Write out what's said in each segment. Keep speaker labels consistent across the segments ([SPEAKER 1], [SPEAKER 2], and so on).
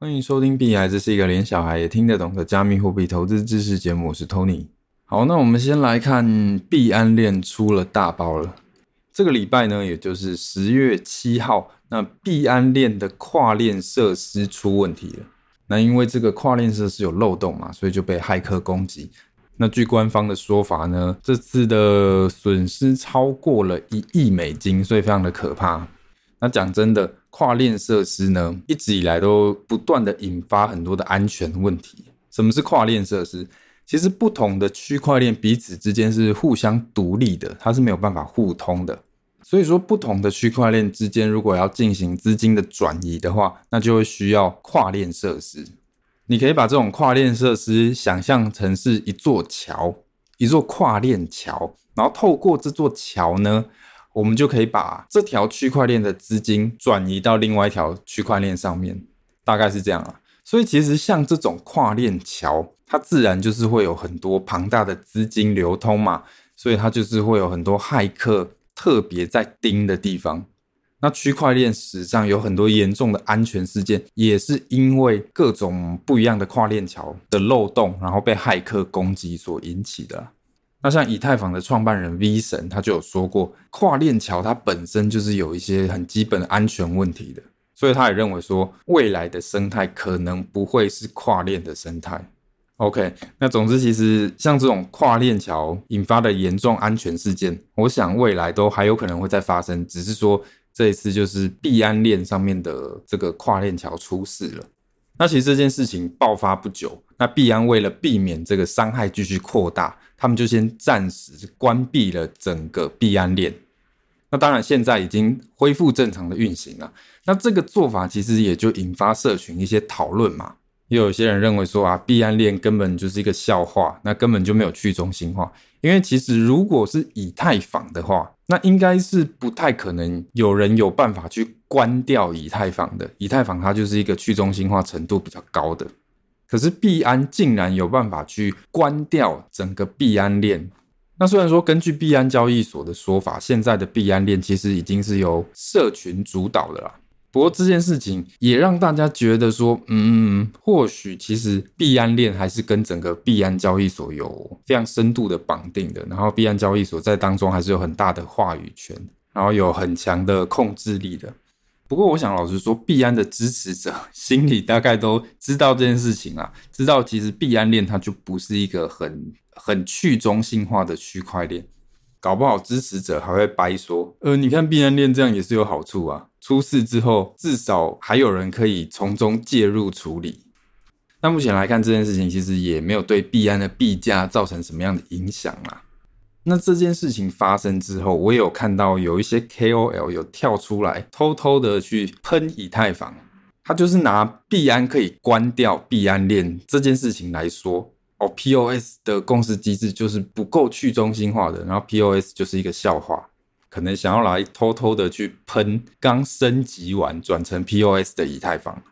[SPEAKER 1] 歡迎收聽幣孩，這是一個連小孩也聽得懂的加密貨幣投資知識節目。我是 Tony。好，那我們先來看幣安鏈出了大包了。這個禮拜呢，也就是十月七號，那幣安鏈的跨鏈設施出問題了。那因為這個跨鏈設施有漏洞嘛，所以就被駭客攻擊。那據官方的說法呢，這次的損失超過了一億美金，所以非常的可怕。那講真的。跨鏈設施呢，一直以來都不斷地引發很多的安全問題。什麼是跨鏈設施？其實不同的區塊鏈彼此之間是互相獨立的，它是沒有辦法互通的。所以說，不同的區塊鏈之間如果要進行資金的轉移的話，那就會需要跨鏈設施。你可以把這種跨鏈設施想象成是一座橋，一座跨鏈橋，然後透過這座橋呢。我們就可以把這條區塊鏈的資金轉移到另外一條區塊鏈上面，大概是這樣啊。所以其實像這種跨鏈橋，它自然就是會有很多龐大的資金流通嘛，所以它就是會有很多駭客特別在盯的地方。那區塊鏈史上有很多嚴重的安全事件，也是因為各種不一樣的跨鏈橋的漏洞，然後被駭客攻擊所引起的。那像以太坊的創辦人 V 神，他就有說過，跨鏈橋它本身就是有一些很基本的安全問題的，所以他也認為說，未來的生態可能不會是跨鏈的生態。OK，那總之其實像這種跨鏈橋引發的嚴重安全事件，我想未來都還有可能會再發生，只是說這一次就是幣安鏈上面的這個跨鏈橋出事了。那其實這件事情爆發不久，那幣安為了避免這個傷害繼續擴大，他們就先暫時關閉了整個幣安鏈。那當然現在已經恢復正常的運行了。那這個做法其實也就引發社群一些討論嘛。又有些人認為說啊，幣安鏈根本就是一個笑話，那根本就沒有去中心化。因為其實如果是以太坊的話，那應該是不太可能有人有辦法去關掉以太坊的。以太坊它就是一個去中心化程度比較高的，可是幣安竟然有辦法去關掉整個幣安鏈。那雖然說根據幣安交易所的說法，現在的幣安鏈其實已經是由社群主導的了。不過這件事情也讓大家覺得說，嗯，或許其實幣安鏈還是跟整個幣安交易所有非常深度的綁定的，然後幣安交易所，在當中還是有很大的話語權，然後有很強的控制力的。不過，我想老實說，幣安的支持者心裡大概都知道這件事情啊，知道其實幣安鏈它就不是一個很很去中心化的區塊鏈，搞不好支持者還會掰說，呃，你看幣安鏈這樣也是有好處啊。出事之後，至少還有人可以從中介入處理。那目前來看，這件事情其實也沒有對幣安的幣價造成什麼樣的影響啊。那這件事情發生之後，我也有看到有一些 KOL 有跳出來偷偷的去噴以太坊，他就是拿幣安可以關掉幣安鏈這件事情來說哦，POS 的共識機制就是不夠去中心化的，然後 POS 就是一個笑話。可能想要來偷偷的去噴剛升級完轉成 POS 的以太坊，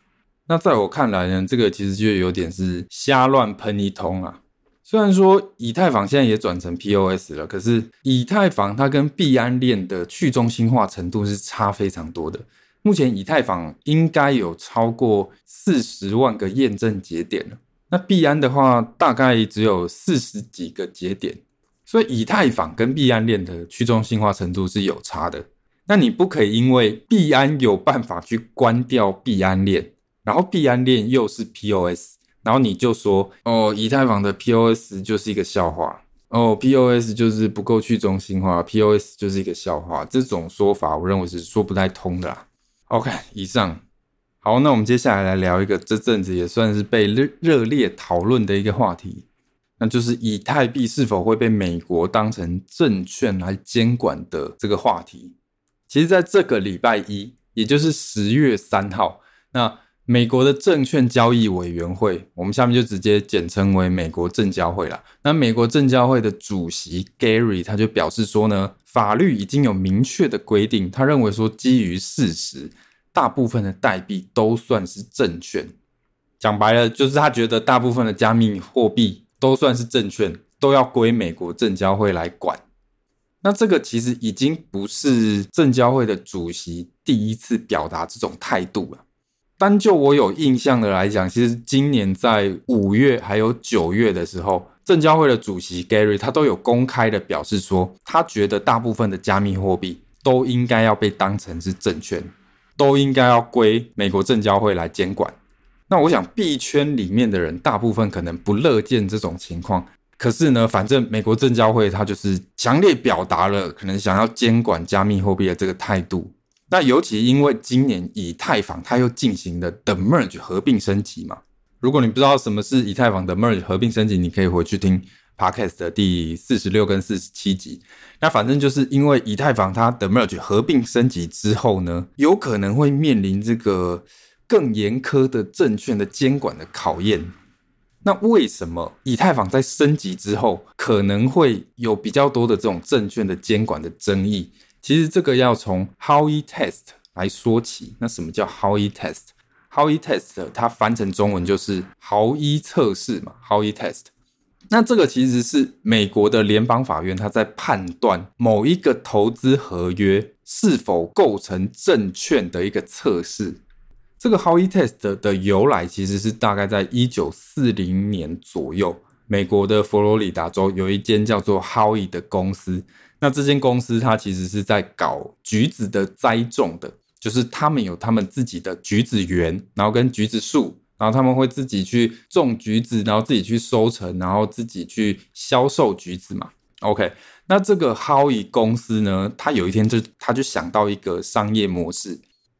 [SPEAKER 1] 那在我看來呢，這個其實就有點是瞎亂噴一通啊，雖然說以太坊現在也轉成 POS 了，可是以太坊它跟幣安鏈的去中心化程度是差非常多的。目前以太坊應該有超過四十萬個驗證節點了，那幣安的話大概只有四十幾個節點。所以以太坊跟幣安鏈的去中心化程度是有差的。那你不可以因為幣安有辦法去關掉幣安鏈，然後幣安鏈又是 POS，然後你就說哦，以太坊的 POS 就是一個笑話哦，POS 就是不夠去中心化，POS 就是一個笑話。這種說法，我認為是說不太通的啦。OK，以上。好，那我們接下來來聊一個這陣子也算是被熱熱烈討論的一個話題。那就是以太幣是否會被美國當成證券來監管的這個話題。其實，在這個禮拜一，也就是十月三號，那美國的證券交易委員會，我們下面就直接簡稱為美國證交會了。那美國證交會的主席 Gary 他就表示說呢，法律已經有明確的規定，他認為說基於事實，大部分的代幣都算是證券。講白了，就是他覺得大部分的加密貨幣。都算是證券，都要歸美國證交會來管。那這個其實已經不是證交會的主席第一次表達這種態度了。單就我有印象的來講，其實今年在五月還有九月的時候，證交會的主席 Gary 他都有公開的表示說，他覺得大部分的加密貨幣都應該要被當成是證券，都應該要歸美國證交會來監管。那我想，幣圈裡面的人大部分可能不樂見這種情況。可是呢，反正美國證交會它就是強烈表達了可能想要監管加密貨幣的這個態度。那尤其因為今年以太坊它又進行了的 merge 合併升級嘛。如果你不知道什麼是以太坊的 merge 合併升級，你可以回去聽 podcast 的第四十六跟四十七集。那反正就是因為以太坊它 The merge 合併升級之後呢，有可能會面臨這個。更嚴苛的證券的監管的考驗，那為什麼以太坊在升級之後可能會有比較多的這種證券的監管的爭議？其實這個要從 Howey Test 來說起。那什麼叫 Howey Test？Howey Test 它翻成中文就是豪伊測試嘛。Howey Test 那這個其實是美國的聯邦法院，他在判斷某一個投資合約是否構成證券的一個測試。這個 Howey Test 的由來其實是大概在一九四零年左右，美國的佛羅里達州有一間叫做 Howey 的公司。那這間公司它其實是在搞橘子的栽種的，就是他們有他們自己的橘子園，然後跟橘子樹，然後他們會自己去種橘子，然後自己去收成，然後自己去銷售橘子嘛。OK，那這個 Howey 公司呢，他有一天就，他就想到一個商業模式。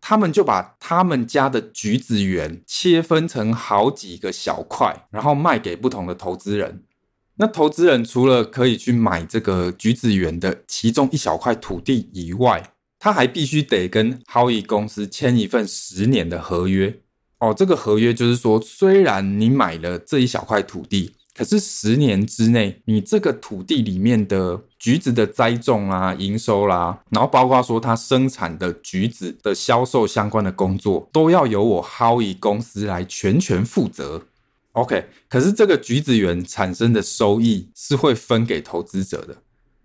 [SPEAKER 1] 他們就把他們家的橘子園切分成好幾個小塊，然後賣給不同的投資人。那投資人除了可以去買這個橘子園的其中一小塊土地以外，他還必須得跟 Howey 公司簽一份十年的合約。哦，這個合約就是說，雖然你買了這一小塊土地。可是十年之內，你這個土地裡面的橘子的栽種啊、營收啦、啊，然後包括說它生產的橘子的銷售相關的工作，都要由我 Howie 公司來全權負責。OK，可是這個橘子園產生的收益是會分給投資者的，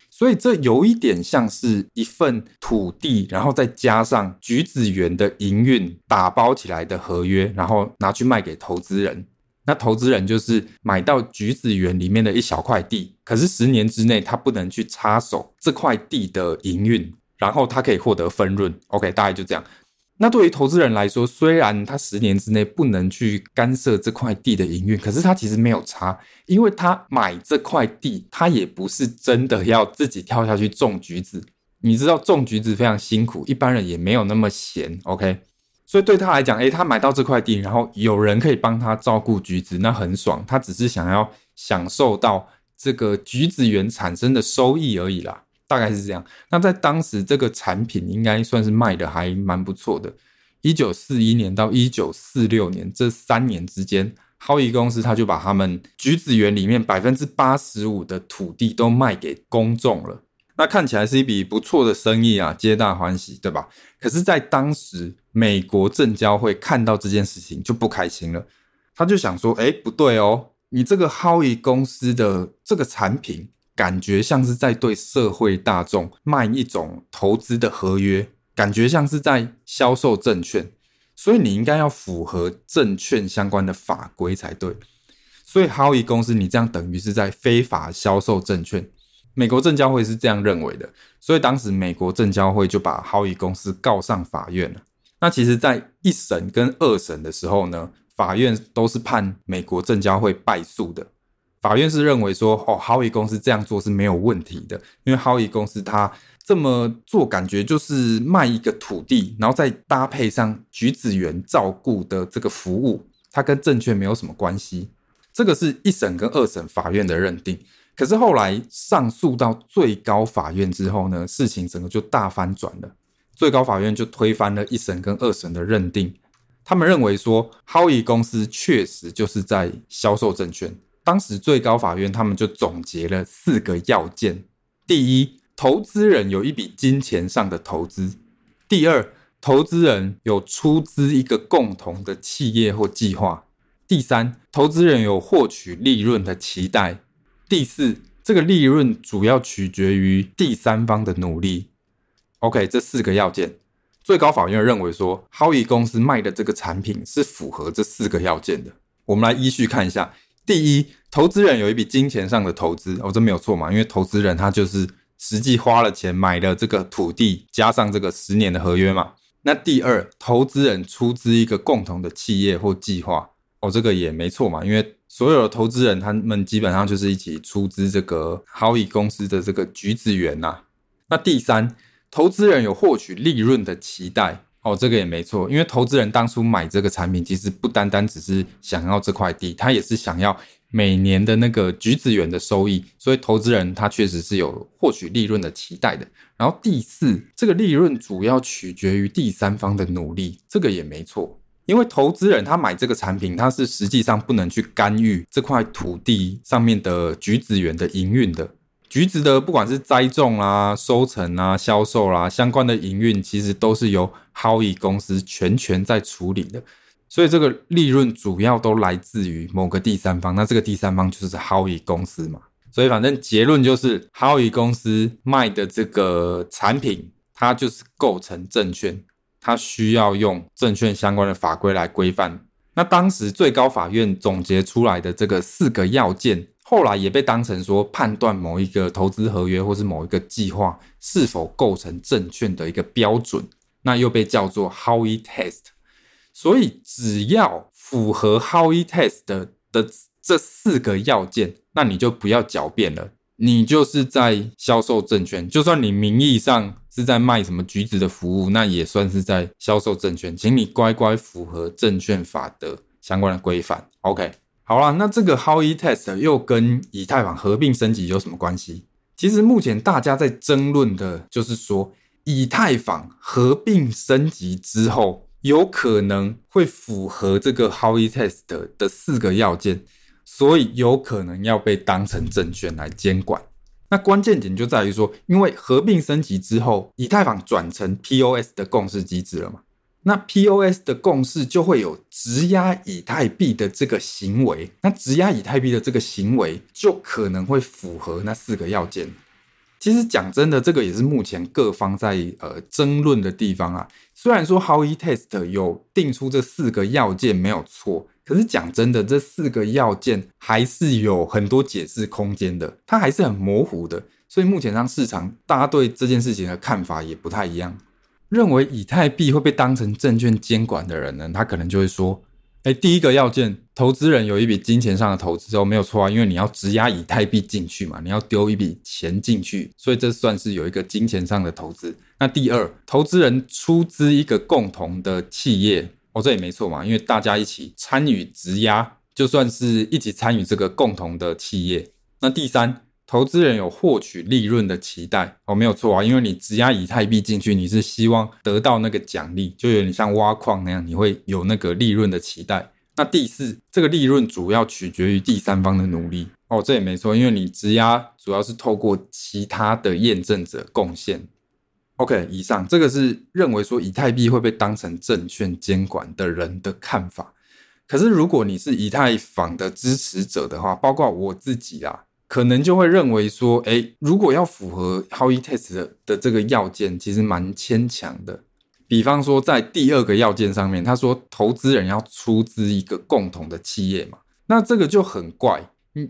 [SPEAKER 1] 所以這有一點像是一份土地，然後再加上橘子園的營運打包起來的合約，然後拿去賣給投資人。那投資人就是買到橘子園裡面的一小塊地，可是十年之內他不能去插手這塊地的營運，然後他可以獲得分潤。OK，大概就這樣。那對於投資人來說，雖然他十年之內不能去干涉這塊地的營運，可是他其實沒有差，因為他買這塊地，他也不是真的要自己跳下去種橘子。你知道種橘子非常辛苦，一般人也沒有那麼閒。OK。所以對他來講，誒，他買到這塊地，然後有人可以幫他照顧橘子，那很爽。他只是想要享受到這個橘子園產生的收益而已啦，大概是這樣。那在當時，這個產品應該算是賣得還蠻不錯的。一九四一年到一九四六年這三年之間，豪威公司他就把他們橘子園裡面百分之八十五的土地都賣給公眾了。那看起來是一筆不錯的生意啊，皆大歡喜，對吧？可是，在當時，美國證交會看到這件事情就不開心了。他就想說：“哎、欸，不對哦，你這個 Howey 公司的這個產品，感覺像是在對社會大眾賣一種投資的合約，感覺像是在銷售證券，所以你應該要符合證券相關的法規才對。所以 Howey 公司，你這樣等於是在非法銷售證券。”美國證交會是這樣認為的，所以當時美國證交會就把豪宇公司告上法院了。那其實，在一審跟二審的時候呢，法院都是判美國證交會敗訴的。法院是認為說，哦，豪宇公司這樣做是沒有問題的，因為豪宇公司他這麼做感覺就是賣一個土地，然後再搭配上橘子園照顧的這個服務，它跟證券沒有什麼關係。這個是一審跟二審法院的認定。可是後來上訴到最高法院之後呢，事情整個就大翻轉了。最高法院就推翻了一審跟二審的認定，他們認為說 Howey 公司確實就是在銷售證券。當時最高法院他們就總結了四個要件：第一，投資人有一筆金錢上的投資；第二，投資人有出資一個共同的企業或計劃；第三，投資人有獲取利潤的期待。第四，這個利潤主要取決於第三方的努力。OK，這四個要件，最高法院認為說，Howey 公司賣的這個產品是符合這四個要件的。我們來依序看一下：第一，投資人有一筆金錢上的投資，哦，這沒有錯嘛？因為投資人他就是實際花了錢買了這個土地，加上這個十年的合約嘛。那第二，投資人出資一個共同的企業或計劃，哦，這個也沒錯嘛？因為所有的投資人，他們基本上就是一起出資這個 Howey 公司的這個橘子園吶、啊。那第三，投資人有獲取利潤的期待哦，這個也沒錯，因為投資人當初買這個產品，其實不單單只是想要這塊地，他也是想要每年的那個橘子園的收益，所以投資人他確實是有獲取利潤的期待的。然後第四，這個利潤主要取決於第三方的努力，這個也沒錯。因為投資人他買這個產品，他是實際上不能去干預這塊土地上面的橘子園的營運的。橘子的不管是栽種啦、啊、收成啊、銷售啦、啊、相關的營運，其實都是由 Howey 公司全權在處理的。所以這個利潤主要都來自於某個第三方，那這個第三方就是 Howey 公司嘛。所以反正結論就是 Howey 公司賣的這個產品，它就是構成證券。它需要用證券相關的法規來規範。那當時最高法院總結出來的這個四個要件，後來也被當成說判斷某一個投資合約或是某一個計劃是否構成證券的一個標準，那又被叫做 Howey Test。所以只要符合 Howey Test 的的這四個要件，那你就不要狡辯了，你就是在銷售證券，就算你名義上，是在賣什麼橘子的服務，那也算是在銷售證券，請你乖乖符合證券法的相關的規範。OK，好啦，那這個 Howey Test 又跟以太坊合併升級有什麼關係？其實目前大家在爭論的就是說，以太坊合併升級之後，有可能會符合這個 Howey Test 的四個要件，所以有可能要被當成證券來監管。那關鍵點就在於說，因為合併升級之後，以太坊轉成 P O S 的共識機制了嘛，那 P O S 的共識就會有質押以太幣的這個行為，那質押以太幣的這個行為就可能會符合那四個要件。其實講真的，這個也是目前各方在呃爭論的地方啊。雖然說 Howey Test 有定出這四個要件沒有錯。可是講真的，這四個要件還是有很多解釋空間的，它還是很模糊的。所以目前上市場大家對這件事情的看法也不太一樣。認為以太幣會被當成證券監管的人呢，他可能就會說，哎、欸，第一個要件，投資人有一筆金錢上的投資，沒有錯啊，因為你要質押以太幣進去嘛，你要丟一筆錢進去，所以這算是有一個金錢上的投資。那第二，投資人出資一個共同的企業。哦，這也沒錯嘛，因為大家一起參與質押，就算是一起參與這個共同的企業。那第三，投資人有獲取利潤的期待。哦，沒有錯啊，因為你質押以太幣進去，你是希望得到那個獎勵，就有點像挖礦那樣，你會有那個利潤的期待。那第四，這個利潤主要取決於第三方的努力。哦，這也沒錯，因為你質押主要是透過其他的驗證者貢獻。OK，以上這個是認為說以太幣會被當成證券監管的人的看法。可是如果你是以太坊的支持者的話，包括我自己啊，可能就會認為說，誒，如果要符合 Howey Test 的的這個要件，其實蠻牽強的。比方說，在第二個要件上面，他說投資人要出資一個共同的企業嘛，那這個就很怪。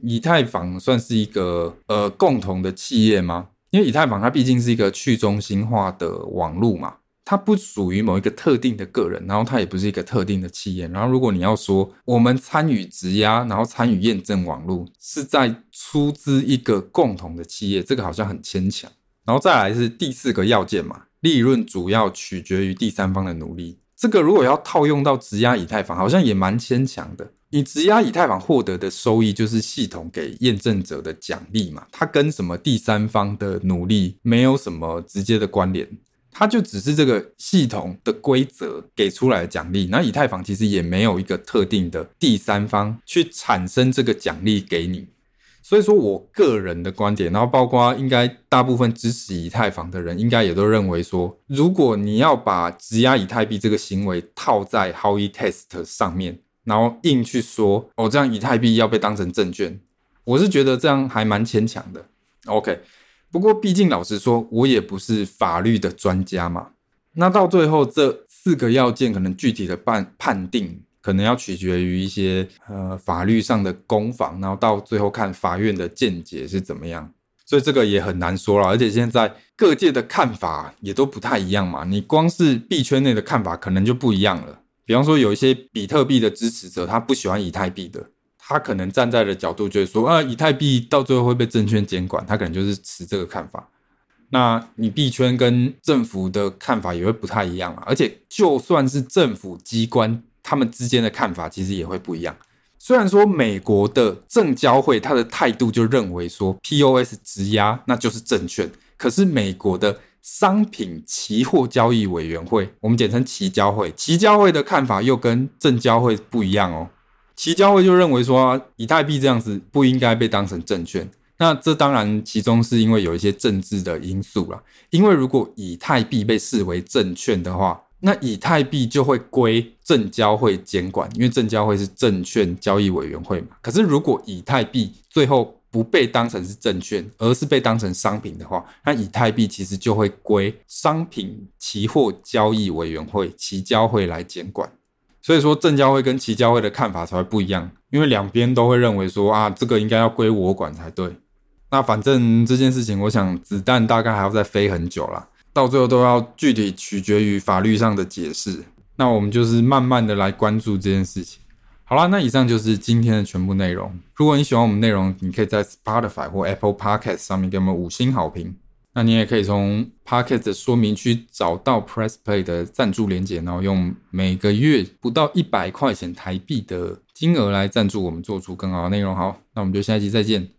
[SPEAKER 1] 以太坊算是一個呃共同的企業嗎？因為以太坊它畢竟是一個去中心化的網絡嘛，它不屬於某一個特定的個人，然後它也不是一個特定的企業，然後如果你要說我們參與質押，然後參與驗證網絡是在出資一個共同的企業，這個好像很牽強。然後再來是第四個要件嘛，利潤主要取決於第三方的努力，這個如果要套用到質押以太坊，好像也蠻牽強的。你質押以太坊獲得的收益，就是系統給驗證者的獎勵嘛，它跟什麼第三方的努力沒有什麼直接的關聯，它就只是這個系統的規則給出來的獎勵。那以太坊其實也沒有一個特定的第三方去產生這個獎勵給你。所以說我個人的觀點，然後包括應該大部分支持以太坊的人，應該也都認為說，如果你要把質押以太幣這個行為套在 Howey Test 上面。然後硬去說哦，這樣以太幣要被當成證券，我是覺得這樣還蠻牽強的。OK，不過畢竟老實說，我也不是法律的專家嘛。那到最後這四個要件，可能具體的判判定，可能要取決於一些呃法律上的攻防，然後到最後看法院的見解是怎麼樣。所以這個也很難說啦，而且現在各界的看法也都不太一樣嘛。你光是幣圈內的看法，可能就不一樣了。比方說，有一些比特幣的支持者，他不喜歡以太幣的，他可能站在的角度就會說，啊、呃，以太幣到最後會被證券監管，他可能就是持這個看法。那你幣圈跟政府的看法也會不太一樣啊。而且，就算是政府機關，他們之間的看法其實也會不一樣。雖然說美國的證交會他的態度就認為說，POS 質押那就是證券，可是美國的。商品期貨交易委員會，我們簡稱期交會。期交會的看法又跟證交會不一樣哦。期交會就認為說，以太幣這樣子不應該被當成證券。那這當然其中是因為有一些政治的因素啦。因為如果以太幣被視為證券的話，那以太幣就會歸證交會監管，因為證交會是證券交易委員會嘛。可是如果以太幣最後，不被當成是證券，而是被當成商品的話，那以太幣其實就會歸商品期貨交易委員會（期交會）來監管。所以說，證交會跟期交會的看法才會不一樣，因為兩邊都會認為說啊，這個應該要歸我管才對。那反正這件事情，我想子彈大概還要再飛很久啦，到最後都要具體取決於法律上的解釋。那我們就是慢慢的來關注這件事情。好啦，那以上就是今天的全部內容。如果你喜歡我們內容，你可以在 Spotify 或 Apple Podcast 上面給我們五星好評。那你也可以從 Podcast 的說明區找到 Pressplay 的贊助鏈接，然後用每個月不到一百塊錢台幣的金額來贊助我們，做出更好的內容。好，那我們就下期再見。